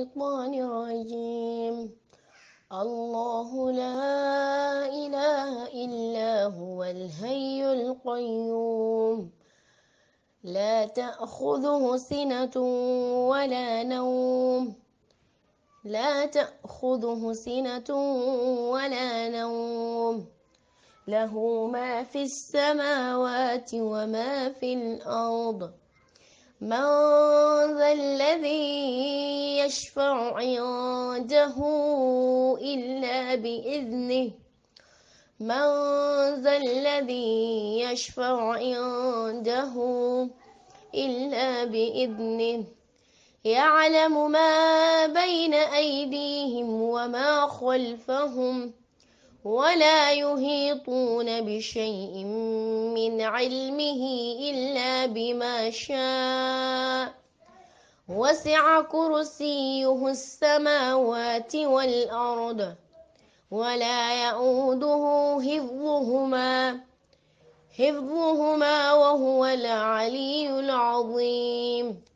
الشيطان الرجيم الله لا إله إلا هو الهي القيوم لا تأخذه سنة ولا نوم لا تأخذه سنة ولا نوم له ما في السماوات وما في الأرض من ذا الذي يشفع عنده إلا بإذنه من ذا الذي يشفع عنده إلا بإذنه يعلم ما بين أيديهم وما خلفهم ولا يهيطون بشيء من علمه إلا بما شاء وسع كرسيه السماوات والأرض ولا يؤوده حفظهما حفظهما وهو العلي العظيم